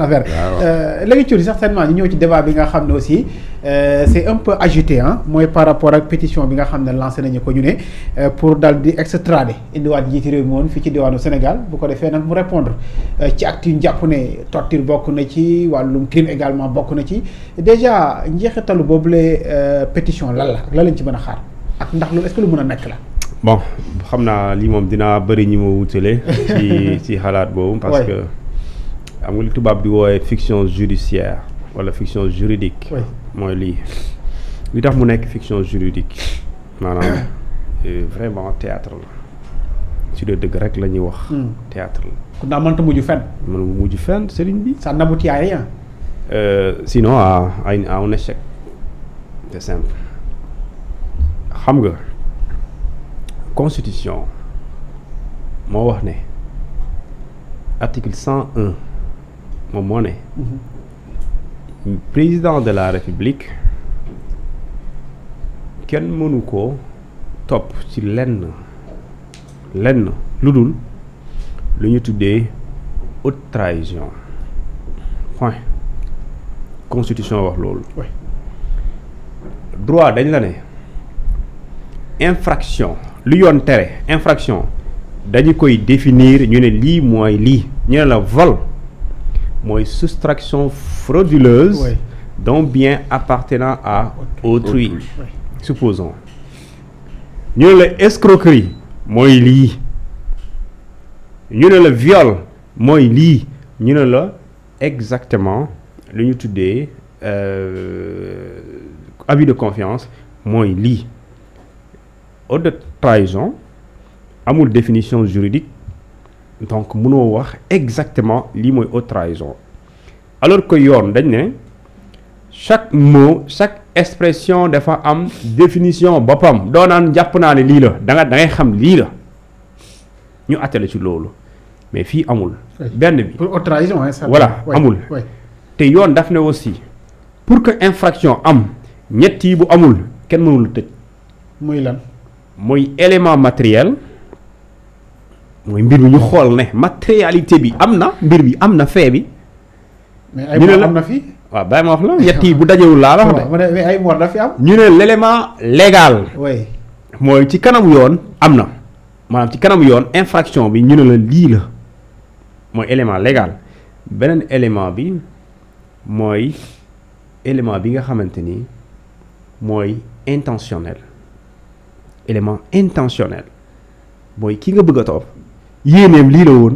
affaire léegi Thioune certainement ñu ñëw ci débat bi nga xam ne aussi euh, c'est un peu agité ah mooy par rapport ak pétition bi nga xam ne lancé nañu ko ñu ne euh, pour dal di extrader indiwaat njiiti réew mi woon fii ci diwaanu Sénégal bu ko defee nag mu répondre euh, ci acte yu jàpp ne torture bokk na ci wàllum crime également bokk na ci déjà njeexitalu boobule pétition lan la ak la lañ ci mën a xaar ak ndax lu est que lu mën a nekk la. bon xam naa lii moom dinaa bëri ñi ma wutale. ci ci boobu parce que. xam nga li tubaab di wooye fiction judiciaire wala fiction juridique mooy lii li tax mu nekk fiction juridique maanaam euh, vraiment théâtre la su dee dëgg rek la ñuy wax hmm. théâtre la kon daa mënta mujj fenn mën mujj fenn sëriñ bi ça n'aboutit à rien euh, sinon à à échec c'est xam nga constitution moo wax ne article moom moo ne président de la république kenn mënu ko topp ci lenn lenn lu dul lu ñu tuddee haute trahison constitution wax loolu droit dañ la ne infraction lu yoon tere infraction dañu koy définir ñu ne lii mooy lii ñu ne la vol mooy soustraction frauduleuse oui. bien appartenant à autrui, autrui. Oui. supposons ñu ne la escroquerie mooy lii ñu ne la viol mooy lii ñu ne la exactement lu ñu tuddee euh, abus de confiance mooy lii haute trahison amul définition juridique donc mënoo wax exactement lii mooy haute trahison alors que yoon dañ ne chaque mot chaque expression dafa am définition boppam doo naan jàpp naa ne lii la da nga xam lii la ñu attale ci loolu mais fii amul. benn bi pour haute voilà amul te yoon daf ne aussi pour que infraction am ñetti bu amul kenn mënul tëj. muy lan. mooy élément matériel. mooy mbir mi ñu xool ne matérialité bi am na mbir bi am na fee bi. mais ay mort am na fi. waaw bàyyi la ñett bu dajewul laa la wax de. am. ñu ne l'élément légal. oui mooy ci kanam yoon am na maanaam ci kanam yoon infraction bi ñu ne la lii la mooy élément légal beneen élément bi mooy élément bi nga xamante ni mooy intentionnel élément intentionnel mooy ki nga bëgg a topp. yéeneem lii la woon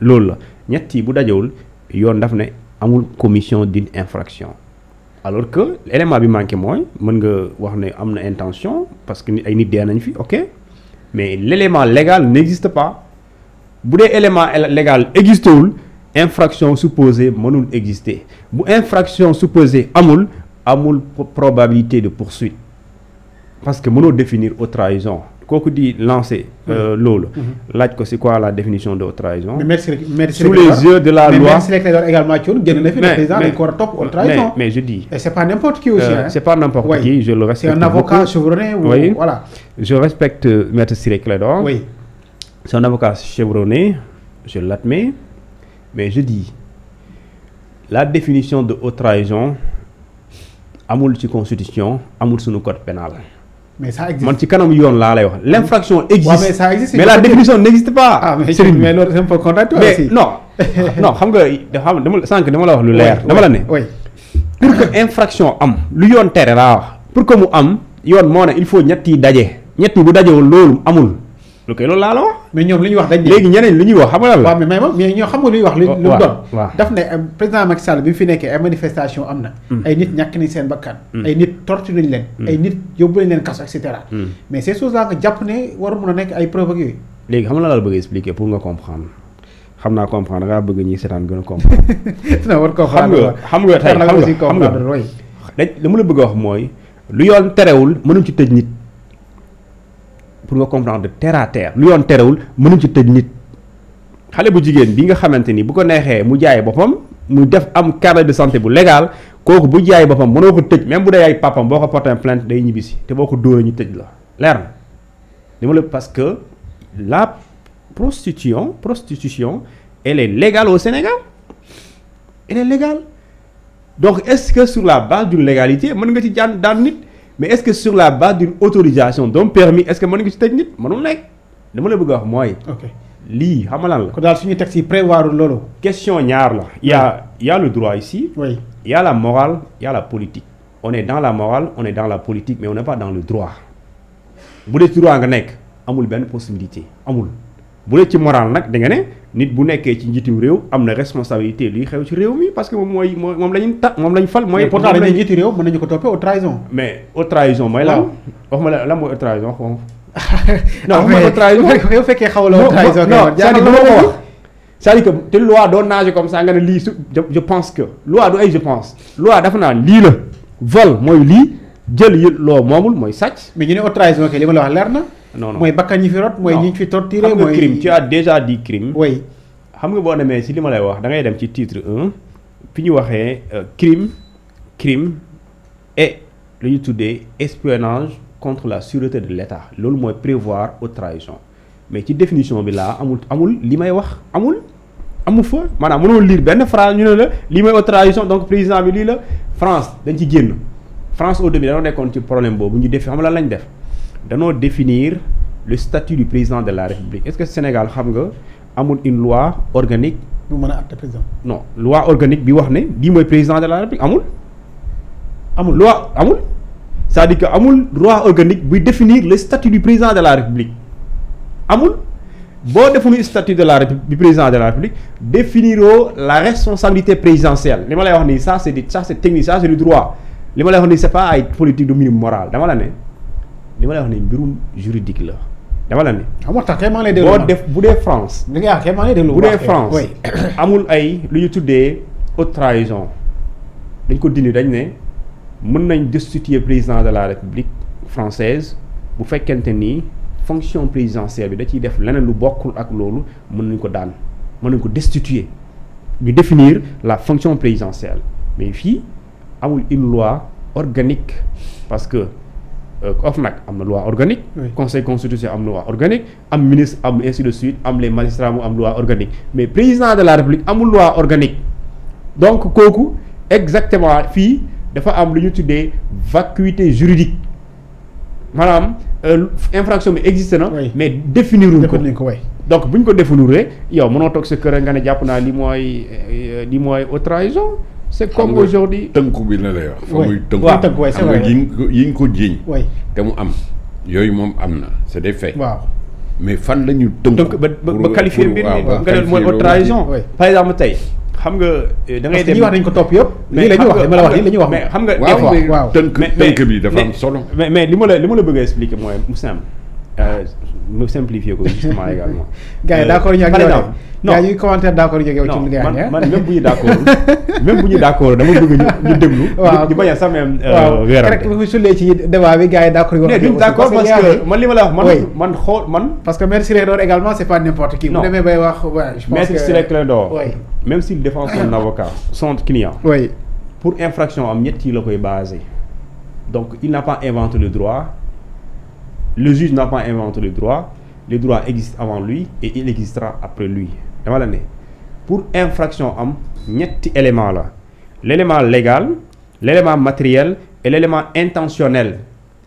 loolu la ñett yi bu dajewul yoon daf ne amul commission d'une infraction alors que élément bi manqué mooy mën nga wax ne am na intention parce que ay nit dee nañ fi ok mais l'élément légal n'existe pas bu dee élément légal existewul infraction supposée mënul exister bu infraction supposée amul amul probabilité de poursuite parce que mënoo définir haute trahison kooku di lancé euh, mm-hmm. loolu. Mm-hmm. laaj ko si quoi la définition de haute trahison. mais sous les yeux de la loi mais également génn na fi a topp haute trahison. mais je dis. et c'est pas n'importe qui euh, je le respecte. c'est un euh, c'est un avocat chevronné je l'admets mais je dis la définition de haute trahison amul ci constitution amul sunu code pénal. mais ça existe man ci kanam yoon laa lay wax l' existe. mais ça la définition n' existe pas. ah mais Serigne mais loolu c' est un peu contradictoire aussi. non non xam nga xam dama sànq dama la wax lu leer. dama la ne oui. pour que infraction am lu yoon tere laa wax. pour que mu am yoon moo ne il faut ñetti daje. ñett yi bu dajewul loolu amul. lu koy loolu laa la wax. mais ñoom li ñu wax dañ. léegi ñeneen li ñuy wax xam nga lan la. waaw mais may ma mais ñoo xam nga lu ñuy wax. li oh, lu doon daf ne euh, président Macky Sall bi mu fi nekkee ay manifestation am na. Hmm. ay nit ñàkk nañ seen bakkan. Hmm. ay nit torture nañ leen. Hmm. ay nit yóbbu nañ leen kaso et cetera. mais ces choses là nga jàpp ne waru mun a nekk ay preuve ak yooyu. léegi xam nga la la bëgg expliquer pour nga comprendre xam naa comprendre da bëgg ñi seetaan gën a comprendre. dina war comprendre xam nga xam nga tey xam nga xam nga dañ li ma la bëgg a wax mooy lu yoon terewul mënuñ ci tëj nit pour nga comprendre de terre à terre lu yoon terewul mënuñ ci tëj nit xale bu jigéen bi nga xamante ni bu ko neexee mu jaay boppam mu def am carnet de santé bu légal kooku bu jaay boppam mënoo ko tëj même bu dee ay papam boo ko porté plainte day ñibbisi te boo ko dóoree ñu tëj la leer na dama la parce que la prostitution prostitution elle est légale au Sénégal elle est légale donc est-ce sur la base d'une légalité mën nga ci jaan daan nit mais est-ce que sur la base d'une autorisation d'un permis est-ce que mën nga ci tëj nit mënul nekk dama la bëgg a wax mooy. lii xam nga lan la. kon daal suñu texte yi prévoir loolu. question ñaar la. y a y a le droit ici. oui la morale y la politique. on est dans la morale on est dans la politique mais on n'est pas dans le droit bu dee ci droit nga nekk amul benn possibilité amul bu dee ci morale nag da nga ne. nit bu nekkee ci njiitu réew am na responsabilité liy xew ci réew mi parce que moom mooy moom la ta moom la ñu fal. mooy pourtant dañuy njiitu réew mën nañu ko toppee haute trahison. mais haute mooy fekkee xaw que loi doo nager comme ça nga ne lii pense que loi du pense. loi dafa naan lii la vol mooy lii jël yi loo moomul mooy sàcc. mais ñu ne haute trahison kay li ma la wax leer na. non mooy bakkan ñi fi rot mooy ñi fi torturé mooy crime tu as déjà dit crime. oui xam nga boo demee si li ma lay wax da ngay dem ci titre un fi ñu waxee euh, crime crime et lu ñu tuddee espionnage contre la sûreté de l'État loolu mooy prévoir haute trahison mais ci definition bi laa amul amul li may wax amul. amu fa maanaam mënoo lire benn phrase ñu ne la li mooy haute trahison donc président bi lii la France dañ ci génn France au début dañoo nekkoon ci problème boobu ñu def xam la lañ def. danoo définir le statut du président de la république est-ce que Sénégal xam nga amul une loi organique. bu mën a àtte président. non loi organique bi wax ni lii mooy président de la république amul. amul loi amul. cest à que amul loi organique buy définir le statut du président de la république amul boo defuñu statut de la du président de la république définiroo la responsabilité présidentielle li ma lay wax nii ça c'est ça c'est technique ça c'est du droit li ma lay wax nii c'est pas ay politique de minimum moral dama la ne. li ma lay wax ne mbirum juridique la dama la ne. xam tax kay maa ngi boo def bu dee France. li nga wax kay maa ngi lay déglu amul ay lu ñu tuddee haute trahison dañ ko dindi dañ ne mën nañ destituer président de la République française bu fekkente ni fonction présidentielle bi da ciy def leneen lu bokkul ak loolu mën nañ ko daan mën nañ ko destituer ñu définir la fonction présidentielle mais fii amul une loi organique parce que. Euh, nag am na loi organique. conseil constitutionnel am na loi organique am ministre am ainsi de am les magistrats mu am loi organique mais président de la république amul loi organique donc kooku exactement fii dafa am lu ñu tuddee vacuité juridique maanaam euh, infraction bi existe na. mais définiruñ ko ko donc bu ñu ko définiree yow mënoo toog sa kër nga ne jàpp naa li mooy euh, li mooy haute trahison. c'est comme aujourd'hui tënku bi la lay wax. fa muy tënku xam nga ko yiñ ko jiiñ. te am yooyu moom am na c'est des faits. waaw mais fan la ñu tënku. ba ba qualifier mbir mi nga euh, wax dañ ko topp yëpp. lii la wax dama la tënk bi dafa am solo. mais li ma la li ma la bëgg a expliquer mu simple. Euh, mu simplifier ko justement également. gars yi euh, d' accord ñu ak yow de non gars yi commentaire d' accord ñu ak yow ci li nga man man même bu ñu d' accord même bu ñu d' accord dama bëgg ñu ñu déglu. waaw ñu bañ a sax même. weerante euh, waaw sulee ci débat bi gars yi d' accord. ñu wax d' accord parce que man li ma la wax man man xool man. parce que maître Ciré Clédor également c' est pas n' importe qui. bu demee bay wax waaye je pense que maître Ciré Clédor même s' il défend son avocat son client. oui pour infraction am ñett yi la koy basé donc il n' a pas inventé le droit. le juge n'a pas inventé le droit le droit existe avant lui et il existera après lui dama la ne pour infraction am ñetti élément la l'élément légal l'élément matériel et l'élément intentionnel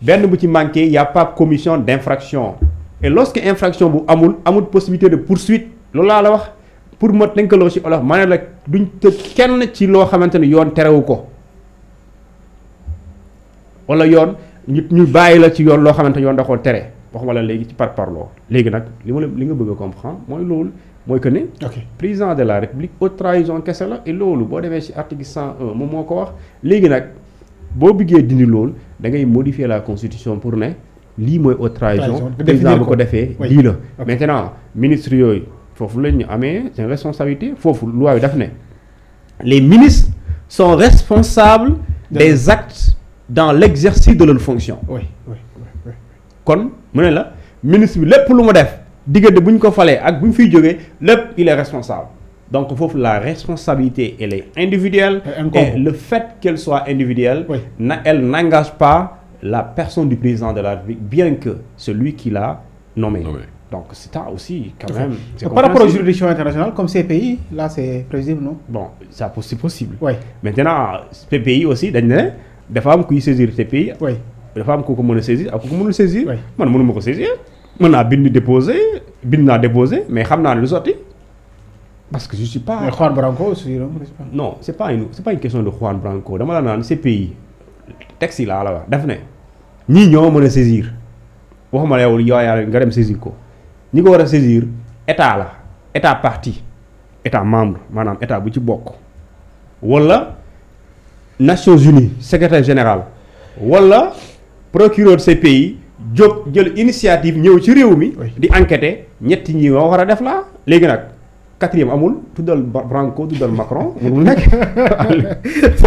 benn bu ci manqué y a pas commission d'infraction et lorsque infraction bu amul amul possibilité de poursuite loolu laa la wax pour ma tënkaloo ci olof ma ne la duñ tëj kenn ci loo xamante ne yoon terewu ko walla yoon nit ñu bàyyi la ci yoon loo xamante yoon da koo tere waxuma la léegi ci par parloo léegi nag li ma la li nga bëgg a mooy loolu mooy que ne. président de la république haute trahison kese la et loolu boo demee ci article 101 moom moo ko wax léegi nag boo bëggee dindi loolu da ngay modifier la constitution pour ne lii mooy haute trahison président bu ko defee lii la maintenant ministre yooyu foofu la ñu amee seen responsabilité foofu loi bi daf ne les ministres sont responsables des actes dans l'exercice de leur fonction. oui oui oui. kon mu ne la ministre bi lépp lu mu def diggante bu ñu ko falee ak bu ñu fi jógee lépp il est responsable donc foofu la responsabilité elle est individuelle. et le fait qu'elle soit individuelle. na elle n'engage pas la personne du président de la République bien que celui qui l'a nommé. nommé. donc c'est ça aussi quand même. c'est par rapport aux juridictions internationales comme CPI là c'est prévisible non. bon ça c'est aussi dañ dafa am kuy saisir TPI. oui dafa am ku ko mën a saisir ak ku ko mënul saisir. man mënuma ko saisir. mën naa bind déposé bind naa déposé mais xam naa ne lu sotti parce que je suis pas. mais Juan Branco aussi non c' est pas une c' est pas une question de Juan Branco dama la naan CPI texte yi laa la wax daf ne ñii ñoo mën a saisir waxuma la yow yaa nga dem saisir ko ñi ko war a saisir état la état parti état membre maanaam état bu ci bokk wala. Nations Unies secrétaire général wala procureur de ces pays jóg jël initiative ñëw ci réew mi. di enquêter ñetti ñi ma war a def la léegi nag quatrième amul tuddal Branco tuddal Macron munul nekk.